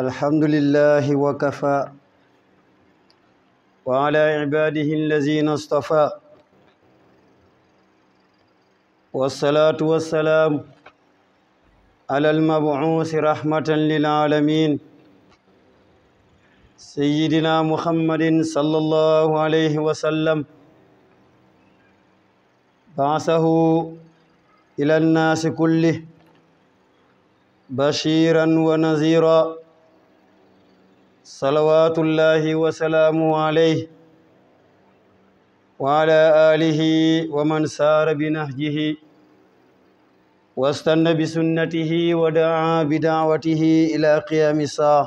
alhamdulillahi wa kafa wa ala ibadihi allazina istafa wassalatu wassalaam ala almabuusi rahmatan lilaalamin sayidina muhammadin sallallahu alayhi wa sallam baasahu ila annaasi kulli bashiran wa nazira salawaatullahi wa salaamu alayhi wa ala alihi wa man saara bi nahjihi واستنى بسنته ودعا بدعوته إلى قيام الساعة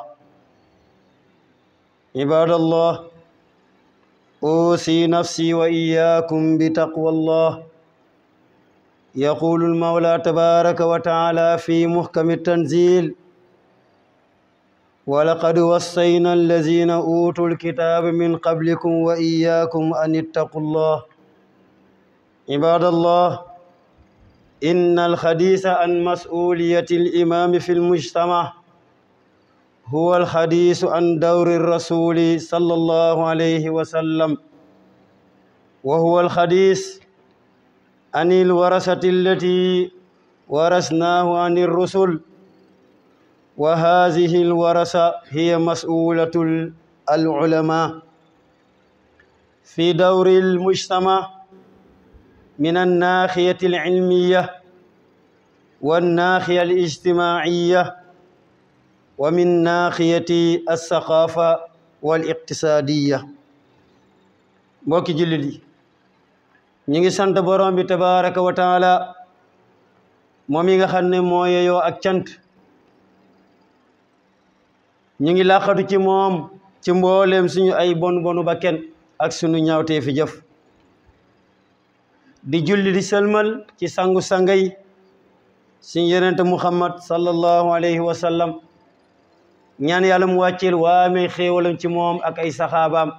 عباد الله أوصي نفسي وإياكم بتقوى الله يقول المولى تبارك وتعالى في محكم التنزيل ولقد وصينا الذين أوتوا الكتاب من قبلكم وإياكم أن اتقوا الله عباد الله إن الحديث عن مسؤولية الإمام في المجتمع هو الحديث عن دور الرسول صلى الله عليه وسلم وهو الحديث عن الورثة التي ورثناه عن الرسل wa haadihi alwarasa hiya masulatu alulama fi dawri almujtama min alnaxiyati alilmiya والناحية الاجتماعية ومن ناحية الثقافة والاقتصادية mbokki jullit yi ñu ngi sant borom bi tabaraka wa taala moom yi nga xam ne moo yeyoo ak cant ñu ngi laqatu ci moom ci mbooleem suñu ay bon bonu ba kenn ak suñu ñaawtee fi jëf di julli di sëlmal ci sangu-sangay suñu yenente muhammad sallallahu alayhi wa sallam ñaan yàlla mu wàcceel waamee xéewalam ci moom ak ay saxaabaam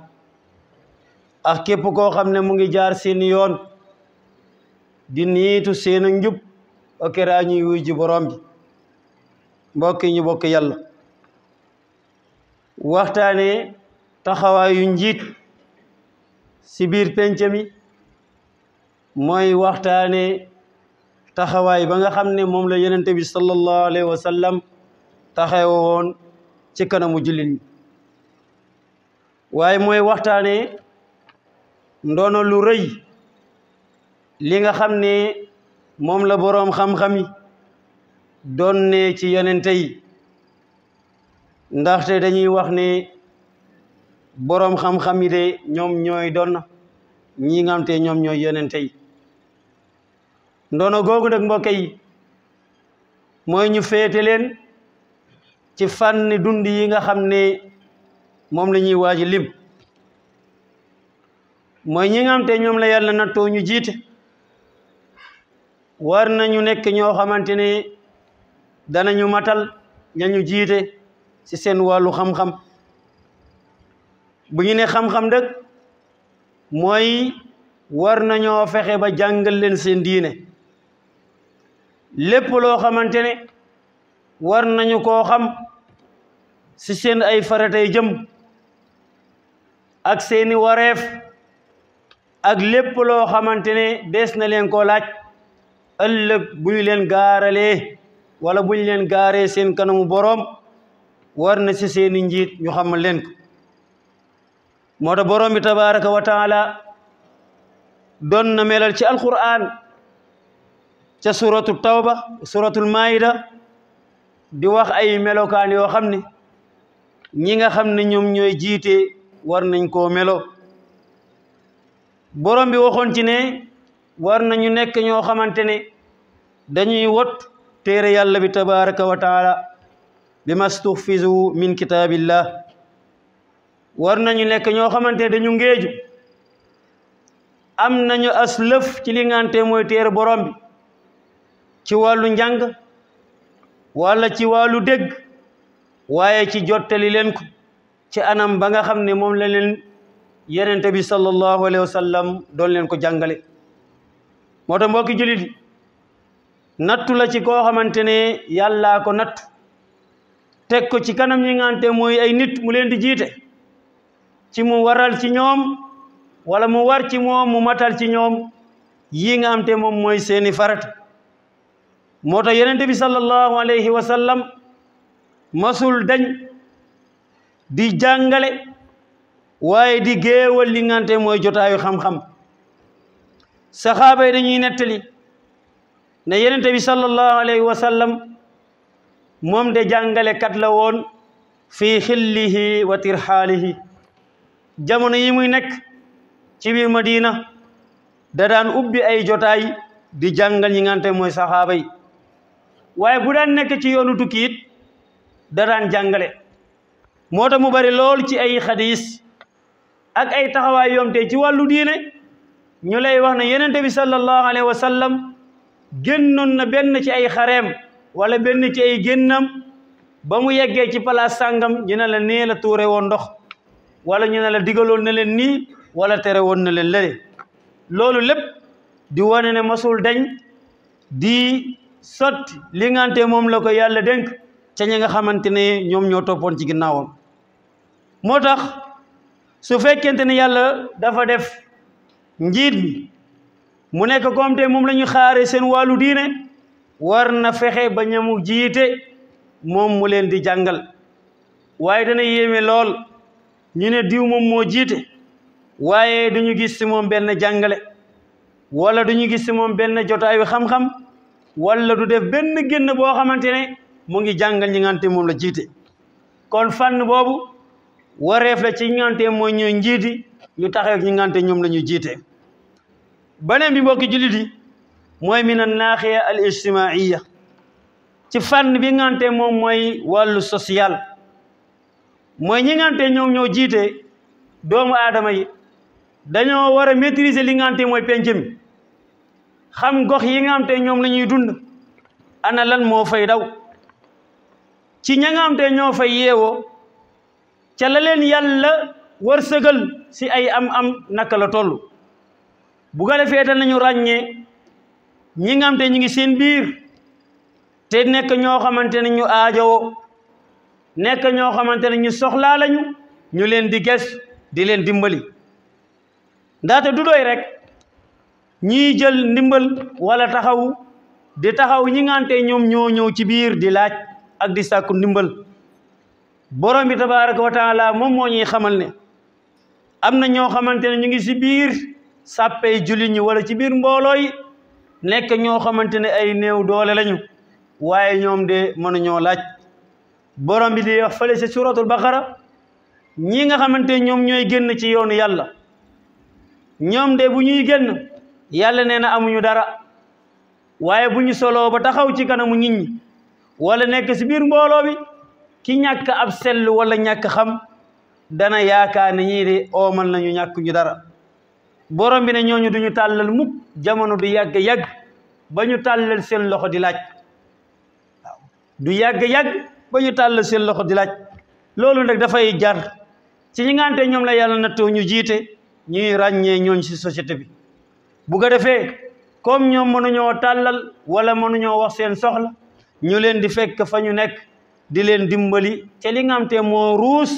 ak képp koo xam ne mu ngi jaar seen yoon di niitu seen njub okeraa ñuy wuy ji borom bi mbokk ñu bokk yàlla waxtaanee taxawaayu njiit si biir penc mi mooy waxtaane taxawaay ba nga xam ne moom la yonente bi sallallahu alayhi wa sallam ci kanamu jullit ñi waaye mooy waxtaane ndono lu rëy li nga xam ne moom la boroom xam-xam yi doon ne ci yonente yi ndaxte dañuy wax ne boroom xam-xam yi de ñoom ñooy doon ñi nga te ñoom ñooy yonente yi ndono googu nag mbokk yi mooy ñu féete leen ci fànn dund yi nga xam ne moom lañuy ñuy waaj lim mooy ñi nga te ñoom la yàlla nattoo ñu jiite war nañu nekk ñoo xamante ne danañu matal ñañu jiite ci seen wàllu xam-xam bu ñu ne xam-xam dëgg mooy war nañoo fexe ba jàngal leen seen diine lépp loo xamante ne war nañu koo xam ci seen ay faratay jëm ak seeni wareef ak lépp loo xamante ne dees na leen ko laaj ëllëg bu leen gaaralee walla bu leen gaaree seen kanamu borom war na ci seeni njiit ñu xam lenk ko moo tax borom bi tabaraka wa doon na melal ci alquran ca suratu tawba suratul maida di wax ay melokaan yoo xam ne ñi nga xam ne ñoom ñooy jiite war nañ koo melo borom bi waxoon ci ne war nañu nekk ñoo xamante ne dañuy wot téere yàlla bi tabaraka wa bi mastuhfizu min kitaabillah war nañu nekk ñoo xamante ne dañu ngéeju am nañu aslëf ci li ngante mooy téere borom ci wàllu njàng walla ci wàllu dégg waaye ci jottali leen ko ci anam ba nga xam ne moom la leen yenente bi sallallahu alayhi wa sallam doon leen ko jàngale moo tax mbokki jullit nattu la ci koo xamante ne yàllaa ko nattu teg ko ci kanam ñi nga xamante mooy ay nit mu leen di jiite ci mu waral ci ñoom wala mu war ci moom mu matal ci ñoom yi nga xamante moom mooy seeni farat moo tax yonent bi sallallahu alayhi wa masul dañ di jàngale waaye di géewal li nga xamante mooy jotaayu xam-xam saxaaba yi dañuy nettali ne yonent bi sallallahu alayhi wa moom de kat la woon fii xillihi wa tirxaalihi jamono yi muy nekk ci biir Madina da daan ubbi ay jotaay di jàngal ñi ngante mooy saxaaba yi waaye bu daan nekk ci yoonu tukki dadaan jàngale moo tax mu bari lool ci ay xadis ak ay taxawaay yom te ci wàllu diine ñu lay wax na yenente bi sallallahu alayhi wa sallam génnoon na benn ci ay xareem wala benn ci ay génnam ba mu yeggee ci palaas sàngam ñi na la nee la tuure woon ndox wala ñu ne la digaloon na leen nii wala tere woon na leen lee loolu lépp di wane na masul dañ di sot li ngante moom la ko yàlla dénk ca ñi nga xamante ne ñoom ñoo toppoon ci ginnaawam moo tax su fekkente ne yàlla dafa def njiit mi mu nekk comme te moom la ñu xaare seen wàllu diine war na fexe ba ñamu jiite moom mu leen di jàngal waaye dana yéeme lool ñu ne diw moom moo jiite waaye duñu gis ci moom benn jàngale wala duñu gis ci moom benn jotaayu xam-xam wala du def benn génn boo xamante ne mu ngi jàngal ñi ngante moom la jiite kon fànn boobu wareef la ci ñi ngante mooy njiiti ñu taxaw ñi ngante ñoom la ñu jiite beneen bi mbokki jullit yi mooy min al naaxiya al ijtimaaiya ci fànn bi ngante moom mooy wàllu social mooy ñi ngante ñoom ñoo jiite doomu aadama yi dañoo war a maîtriser li ngante mooy penc xam gox yi ngante ñoom lañuy dund ana lan moo fay daw ci ña ngante ñoo fay yeewoo ca la leen yàlla wërsëgal si ay am am naka la toll bu ko defee danañu ràññee ñi nga te ñu ngi seen biir te nekk ñoo xamante ne ñu aajowoo nekk ñoo xamante ne ñu soxlaa lañu ñu leen di ges di leen dimbali ndaxte du doy rek ñiy jël ndimbal wala taxawu di taxaw ñi nga te ñoom ñoo ñëw ci biir di laaj ak di sàkku ndimbal borom bi tabaaraka wa taala moom moo ñuy xamal ne am na ñoo xamante ne ñu ngi si biir sàppey jullit ñi wala ci biir mbooloo yi nekk ñoo xamante ne ay néew doole lañu waaye ñoom de mënuñoo laaj borom bi de wax fële ci suratul baqara ñi nga xamante ñoom ñooy génn ci yoonu yàlla ñoom de bu ñuy génn yàlla nee na amuñu dara waaye bu ñu soloo ba taxaw ci kanamu nit ñi wala nekk si biir mbooloo bi ki ñàkk ab sell wala ñàkk xam dana yaakaar ne ñii de oomal nañu ñàkkuñu dara borom bi ne ñooñu duñu tàllal mukk jamono du yàgg yàgg ba ñu tàllal seen loxo di laaj du yàgg yàgg ba ñu tàllal seen loxo di laaj loolu nag dafay jar ci ñi ngante ñoom la yàlla na nattoo ñu jiite ñuy ràññee ñooñ si société bi bu ko defee comme ñoom mënuñoo tàllal wala mënuñoo wax seen soxla ñu leen di fekk fa ñu nekk di leen dimbali te li ngante moo ruus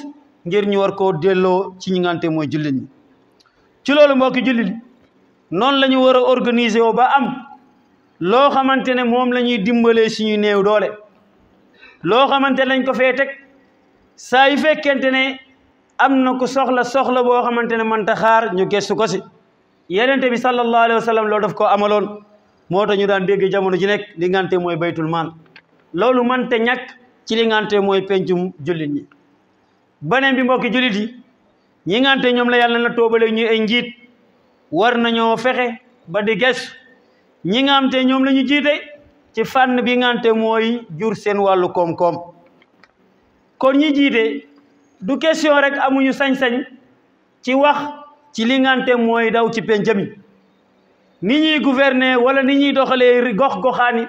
ngir ñu war koo delloo ci ñi ngante mooy jullit ñi ci loolu mbokki jullit noonu la ñu war a organiser woo ba am loo xamante ne moom la ñuy dimbalee suñu néew doole loo xamante ne lañ ko fee teg saa yu fekkente ne am na ko soxla soxla boo xamante ne mënta xaar ñu gëstu ko si yenente bi sallallahu alayhi wa sallam loolu daf ko amaloon moo tax ñu daan dégg jamono ji nekk li ngante mooy baytul maan loolu mënte ñàkk ci li ngante mooy pencum jullit ñi beneen bi mbokki jullit yi ñi ngante ñoom la yàlla na toobalee ñu ay njiit war nañoo fexe ba di ges ñi nga ñoom la ñu jiite ci fànn bi nga mooy jur seen wàllu koom-koom kon ñi jiite du question rek amuñu sañ-sañ ci wax ci li ngante mooy daw ci penc mi ni ñuy gouverner wala ni ñuy doxalee gox-goxaani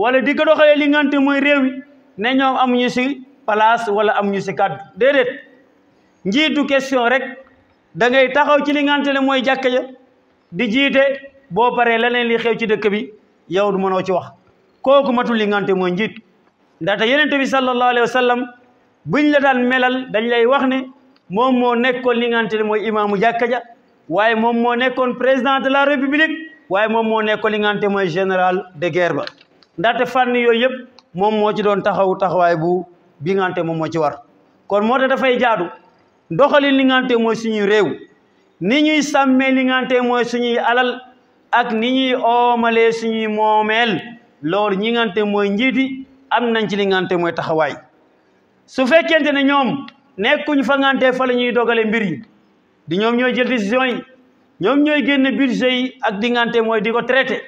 wala di ko doxalee li ngante mooy réew yi ne ñoom amuñu si place wala amuñu si kàddu déedéet njiitu question rek da ngay taxaw ci li nga xamante ne mooy jàkka ja di jiite boo paree leneen li xew ci dëkk bi yow du mënoo ci wax kooku matul li nga mooy njiit ndaxte yonent bi sallallahu alayhi wa sallam buñ la daan melal dañ lay wax ne moom moo nekkoon li nga xamante ne mooy imaamu jàkka ja waaye moom moo nekkoon président de la république waaye moom moo nekkoon li nga mooy général de guerre ba ndaxte fànn yooyu yëpp moom moo ci doon taxaw taxawaay bu bi moom moo ci war kon doxalin li nga xam te mooy suñuy réew ni ñuy sàmmee li nga xam te mooy suñuy alal ak ni ñuy oomalee suñuy moomeel loolu ñi nga xam te mooy njiiti am nañ ci li nga mooy taxawaay su fekkente ne ñoom nekkuñu fa nga fa la ñuy dogale mbir yi di ñoom ñooy jël décision yi ñoom ñooy génn budget yi ak di nga mooy di ko traité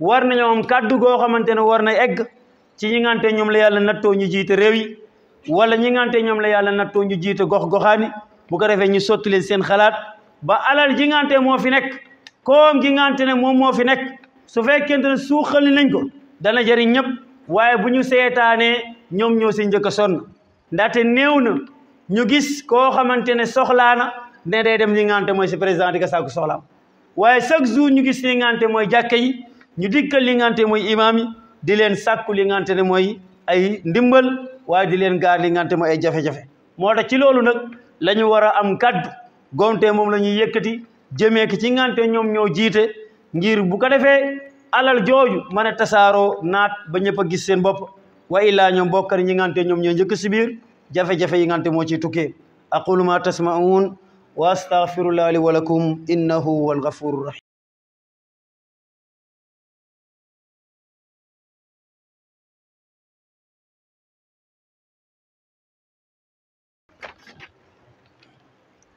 war na am kàddu goo xamante ne war na egg ci ñi nga ñoom la yàlla nattoo ñu jiite réew yi wala ñi ngante ñoom la yàlla nattoo ñu jiite gox goxaani bu ko defee ñu sotti leen seen xalaat ba alal ji ngante moo fi nekk koom gi ngante ne moom moo fi nekk su fekkente ne nañ ko dana jëriñ ñëpp waaye bu ñu seetaanee ñoom ñoo si njëkk a sonn ndaxte néew na ñu gis koo xamante ne soxlaa na ne day dem li ngante mooy si président di ko sàkku soxlaam waaye chaque jour ñu gis li ngante mooy jàkka yi ñu dikkal li ngante mooy imaam di leen sàkku li ngante ne mooy ay ndimbal waaye di leen gaar li ngante moo ay jafe-jafe moo tax ci loolu nag lañu ñu war a am kaddu gomte moom la ñuy yëkkati jëmee ki ci ngante ñoom ñoo jiite ngir bu ko defee alal jooju mën a tasaaroo naat ba ñëpp a gis seen bopp wa illaa ñoom bokkar ñi ngante ñoom ñoo njëkk si biir jafe-jafe yi ngante moo ci tukkee aqulu ma tasma'un wa astaghfirullah li wa lakum innahu wal ghafurur rahim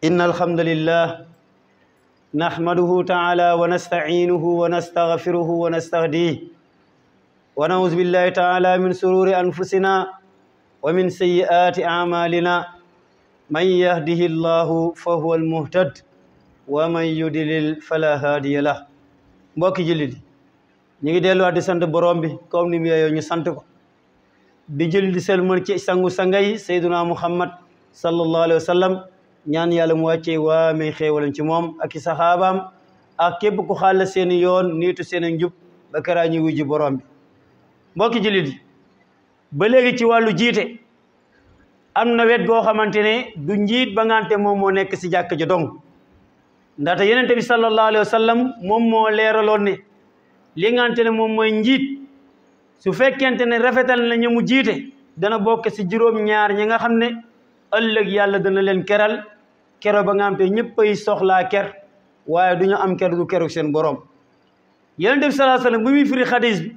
إن الحمد لله نحمده تعالى ونستعينه ونستغفره ونستهديه ونعوذ بالله تعالى من سرور أنفسنا ومن سيئات أعمالنا من يهده الله فهو المهتد ومن يدلل فلا هادي له mbokki jullit yi ñu ngi delluwaat di sant borom bi comme ni mu yeeyoo ñu sant ko di jullit di selmal ci sangu sangay sayduna muhammad sallallahu alayhi wa sallam ñaan yàlla mu wàccee waa may xéewalam ci moom ak i saxaabaam ak képp ku xàll seeni yoon niitu seeni njub ba karaa ñuy wujji borom bi mbokki jullit yi ba léegi ci wàllu jiite am na wet goo xamante ne du njiit ba ngante moom moo nekk si jàkk ji dong ndaxte yenente bi sallallahu alayhi sallam moom moo leeraloon ne li ngante ne moom mooy njiit su fekkente ne rafetal na ñu mu jiite dana bokk si juróom ñaar ñi nga xam ne ëllëg yàlla dana leen keral kero ba nga te ñëpp ay soxlaa ker waaye du ñu am ker du keru seen borom yonent bi salaa sallam bu muy firi xadis bi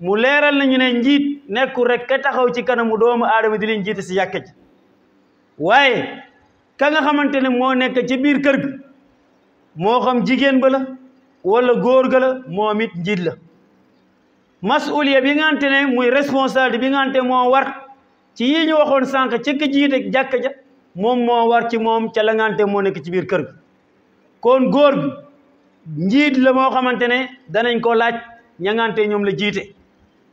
mu leeral nañu ne njiit nekkul rek ka taxaw ci kanamu doomu aadama di leen jiite si yàkk waaye ka nga xamante ne moo nekk ci biir kër gi moo xam jigéen ba la wala góor ga la moom it njiit la masuliya bi nga ne muy responsable bi nga moo war ci yi ñu waxoon sànq ci ka jiite jàkk ja moom moo war ci moom ca la ngante moo nekk ci biir kër gi kon góor gi njiit la moo xamante ne danañ ko laaj ñangante ñoom la jiite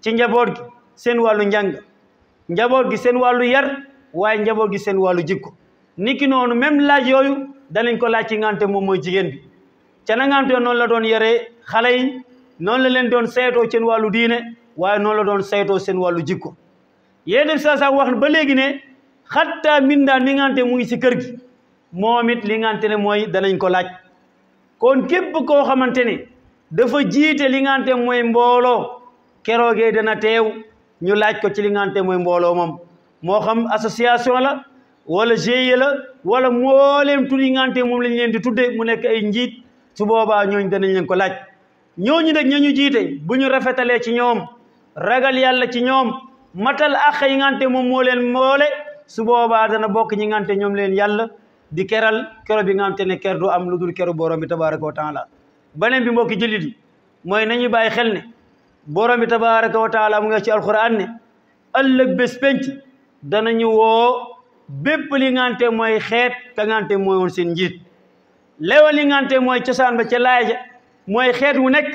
ci njaboot gi seen wàllu njàng njaboot gi seen wàllu yar waaye njaboot gi seen wàllu jikko niki noonu même laaj yooyu danañ ko laaj ci ngante moom mooy jigéen bi ca na ngante noonu la doon yaree xale yi noonu la leen doon saytoo ceen wàllu diine waaye noonu la doon saytoo seen wàllu jikko yéen def saa saa wax ba léegi xatta minda mi ngante mu ngi si kër gi moom it li ngante ne mooy danañ ko laaj kon képp koo xamante ni dafa jiite li ngante mooy mbooloo keroogee dana teew ñu laaj ko ci li ngante mooy mbooloo moom moo xam association la wala GIE la wala mbooleem tur yi ngante moom lañ leen di tudde mu nekk ay njiit su boobaa ñooñu danañ leen ko laaj ñooñu nag ñañu jiite bu ñu rafetalee ci ñoom ragal yàlla ci ñoom matal àq yi ngante moom moo leen moole su boobaa dana bokk ñi ngante ñoom leen yàlla di keral kero bi nga xam ne ker du am lu dul keru borom bi tabaraka wa taala beneen bi mbokki jullit yi mooy nañu bàyyi xel ne borom bi tabaraka wa taala mu nga ci alquran ne ëllëg bés penc danañu woo bépp li ngante mooy xeet ka ngante mooy woon seen njiit leewal li ngante mooy cosaan ba ca laaja mooy xeet wu nekk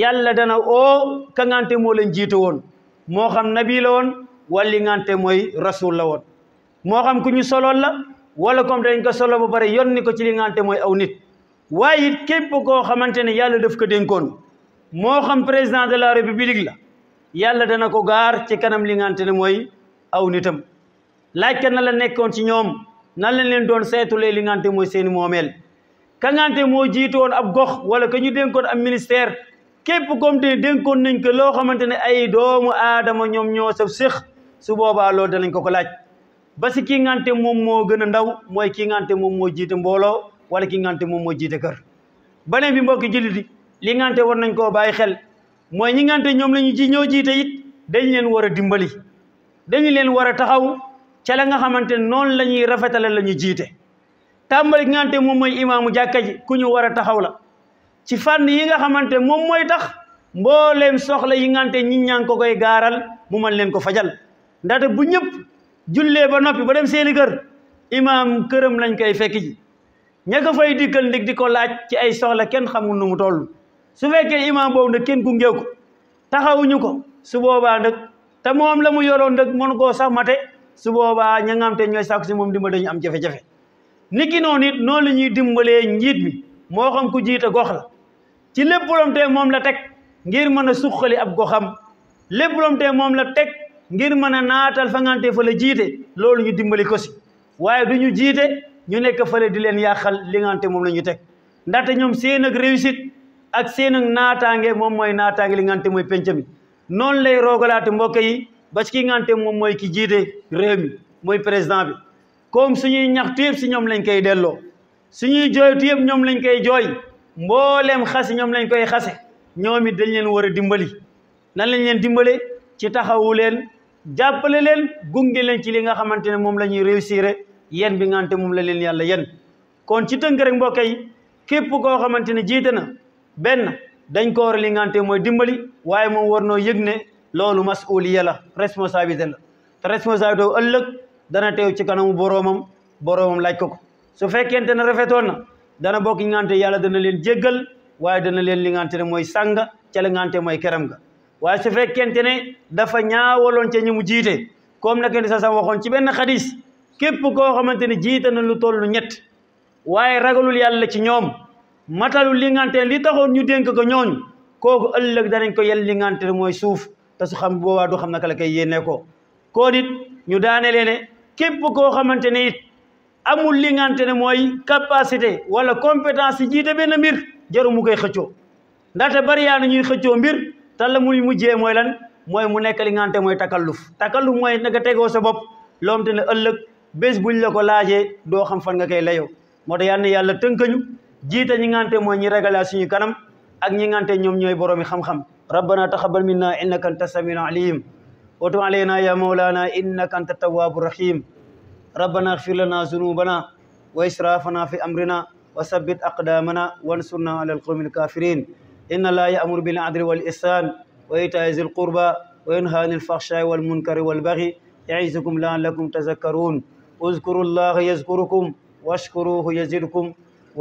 yàlla dana oo ka ngante moo leen woon moo xam nabi la woon wala li ngante mooy rasul la woon moo xam ku ñu solool la wala comme dañ ko solo ba pare yónni ko ci li nga mooy aw nit waaye it képp koo xamante ne yàlla def ko dénkoon moo xam président de la république la yàlla dana ko gaar ci kanam li ngante ne mooy aw nitam laaj ka na la nekkoon ci ñoom nan lañ leen doon seetulee li nga mooy seeni moomeel ka nga moo jiitoon ab gox wala ka ñu dénkoon ab ministère képp comme te dénkoon nañ ko loo xamante ne ay doomu aadama ñoom ñoo sa séq su boobaa loolu danañ ko ko laaj ba si ki ngante moom moo gën a ndaw mooy ki ngante moom moo jiite mbooloo wala ki ngante moom moo jiite kër beneen bi mbokki jullit yi li ngante war nañ koo bàyyi xel mooy ñi ngante ñoom la ñu ji ñoo jiite it dañ leen war a dimbali dañu leen war a taxaw ca la nga xamante ne noonu la ñuy rafetale la ñu jiite tàmbali ngante moom mooy imaamu jàkka ji ku ñu war a taxaw la ci fànn yi nga xamante moom mooy tax mbooleem soxla yi ngante ñi ñaa ko koy gaaral mu man leen ko fajal ndaxte bu ñëpp jullee ba noppi ba dem seeni kër imaam këram lañ koy fekk ji ña ko fay dikkal ndig di ko laaj ci ay soxla kenn xamul nu mu toll su fekkee imaam boobu nag kenn ku ngew ko taxawuñu ko su boobaa nag te moom la mu yoroon nag mënu koo sax mate su boobaa ña nga xam te ñooy sàkku si moom dimbal dañu am jafe-jafe niki noonu it noonu la ñuy dimbalee njiit bi moo xam ku jiite gox la ci lépp lom te moom la teg ngir mën a suqali ab goxam lépp lom te moom la teg ngir mën a naatal fa ngante fa la jiite loolu ñu dimbali ko si waaye du ñu jiite ñu nekk fële di leen yàqal li ngante moom la ñu teg ndaxte ñoom seen ak réussite ak seen ak naataange moom mooy naataange li ngante mooy penc mi noonu lay roogalaate mbokk yi ba ki ngante moom mooy ki jiite réew mi mooy président bi comme suñuy ñaxtu yëpp si ñoom lañ koy delloo suñuy jooytu yëpp ñoom lañ koy jooy mboolem xasi ñoom lañ koy xase ñoom dañ leen war a dimbali nan jàppale leen gunge leen ci li nga xamante ne moom la ñuy réussir yéen bi ngante moom la leen yàlla yenn kon ci tënk rek mbokk yi képp koo xamante ne jiite na benn dañ ko war li ngante mooy dimbali waaye moom war noo yëg ne loolu mas masuliya la responsabilité la te wu ëllëg dana teew ci kanamu boroomam boromam laaj ko ko su fekkente ne rafetoon na dana bokk ngante yàlla dana leen jéggal waaye dana leen li ngante mooy sàng ca ngante mooy keram ga waaye su fekkente ne dafa ñaawaloon ca ñi mu jiite comme nag sa sam waxoon ci benn xadis képp koo xamante ne jiite na lu toll ñett waaye ragalul yàlla ci ñoom matalul li ngante li taxoon ñu dénk ko ñooñ kooku ëllëg danañ ko yenn li ngante mooy suuf te su xam boobaa du xam na la koy yéene ko koo nit ñu daane lee ne képp koo xamante ne amul li ngante ne mooy capacité wala compétence yi jiite benn mbir jarumu koy xëccoo ndaxte bari yaa na ñuy xëccoo mbir te la mu mujjee mooy lan mooy mu nekk li ngante xamante mooy takalluf takalluf mooy nga tegoo sa bopp loo xamante ne ëllëg bés buñ la ko laajee doo xam fan nga koy layo moo tax yal na yàlla tënkañu ñi nga xamante mooy ñi suñu kanam ak ñi nga ñoom ñooy boroomi xam-xam rabbana taqabbal minna innaka anta samiul alim wa tub alayna ya mawlana innaka anta tawwabu rahim rabbana ighfir lana zunubana wa israfana fi amrina wa sabbit aqdamana wansurna ala alqawmi alkafirin inna laa ya'muru bil adli wal ihsaan wa itaa'i zil qurba wa yanhaa anil fahshaa'i wal munkari wal baghi ya'izukum la'allakum tazakkaruun uzkuru llaaha yazkurukum washkuruhu yazidkum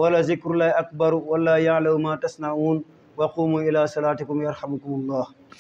wa lazikrullaahi akbar wallaahu ya'lamu maa tasna'uun wa quumu ilaa salaatikum yarhamukum llaah